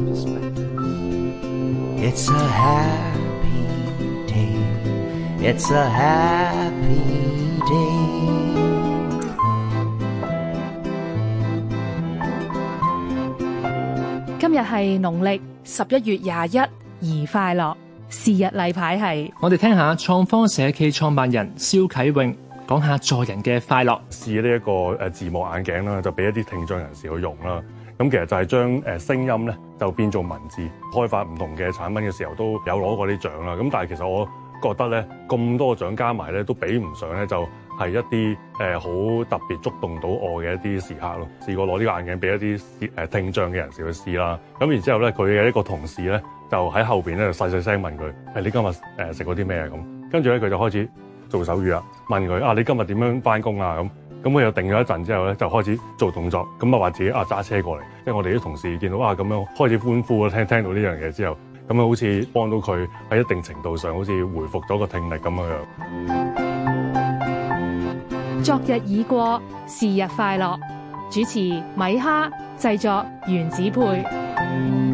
It's a happy day. It's a happy day. 今日係農曆十一月廿一。而快樂日牌是日例牌係，我哋聽下創科社企創辦人蕭啟穎講下助人嘅快樂。試呢一個誒字幕眼鏡啦，就俾一啲聽障人士去用啦。咁其實就係將誒聲音咧，就變做文字。開發唔同嘅產品嘅時候都有攞過啲獎啦。咁但係其實我覺得咧，咁多獎加埋咧，都比唔上咧，就係一啲誒好特別觸動到我嘅一啲時刻咯。試過攞呢個眼鏡俾一啲誒聽障嘅人士去試啦。咁然之後咧，佢嘅一個同事咧就喺後邊咧就細細聲問佢：誒你今日誒食過啲咩啊？咁跟住咧佢就開始做手語啦，問佢啊你今日點樣翻工啊？咁咁佢又定咗一陣之後咧，就開始做動作。咁啊話自己啊揸車過嚟，即係我哋啲同事見到啊，咁樣開始歡呼，聽聽到呢樣嘢之後，咁樣好似幫到佢喺一定程度上，好似回復咗個聽力咁樣。昨日已過，是日快樂。主持米哈，製作原子配。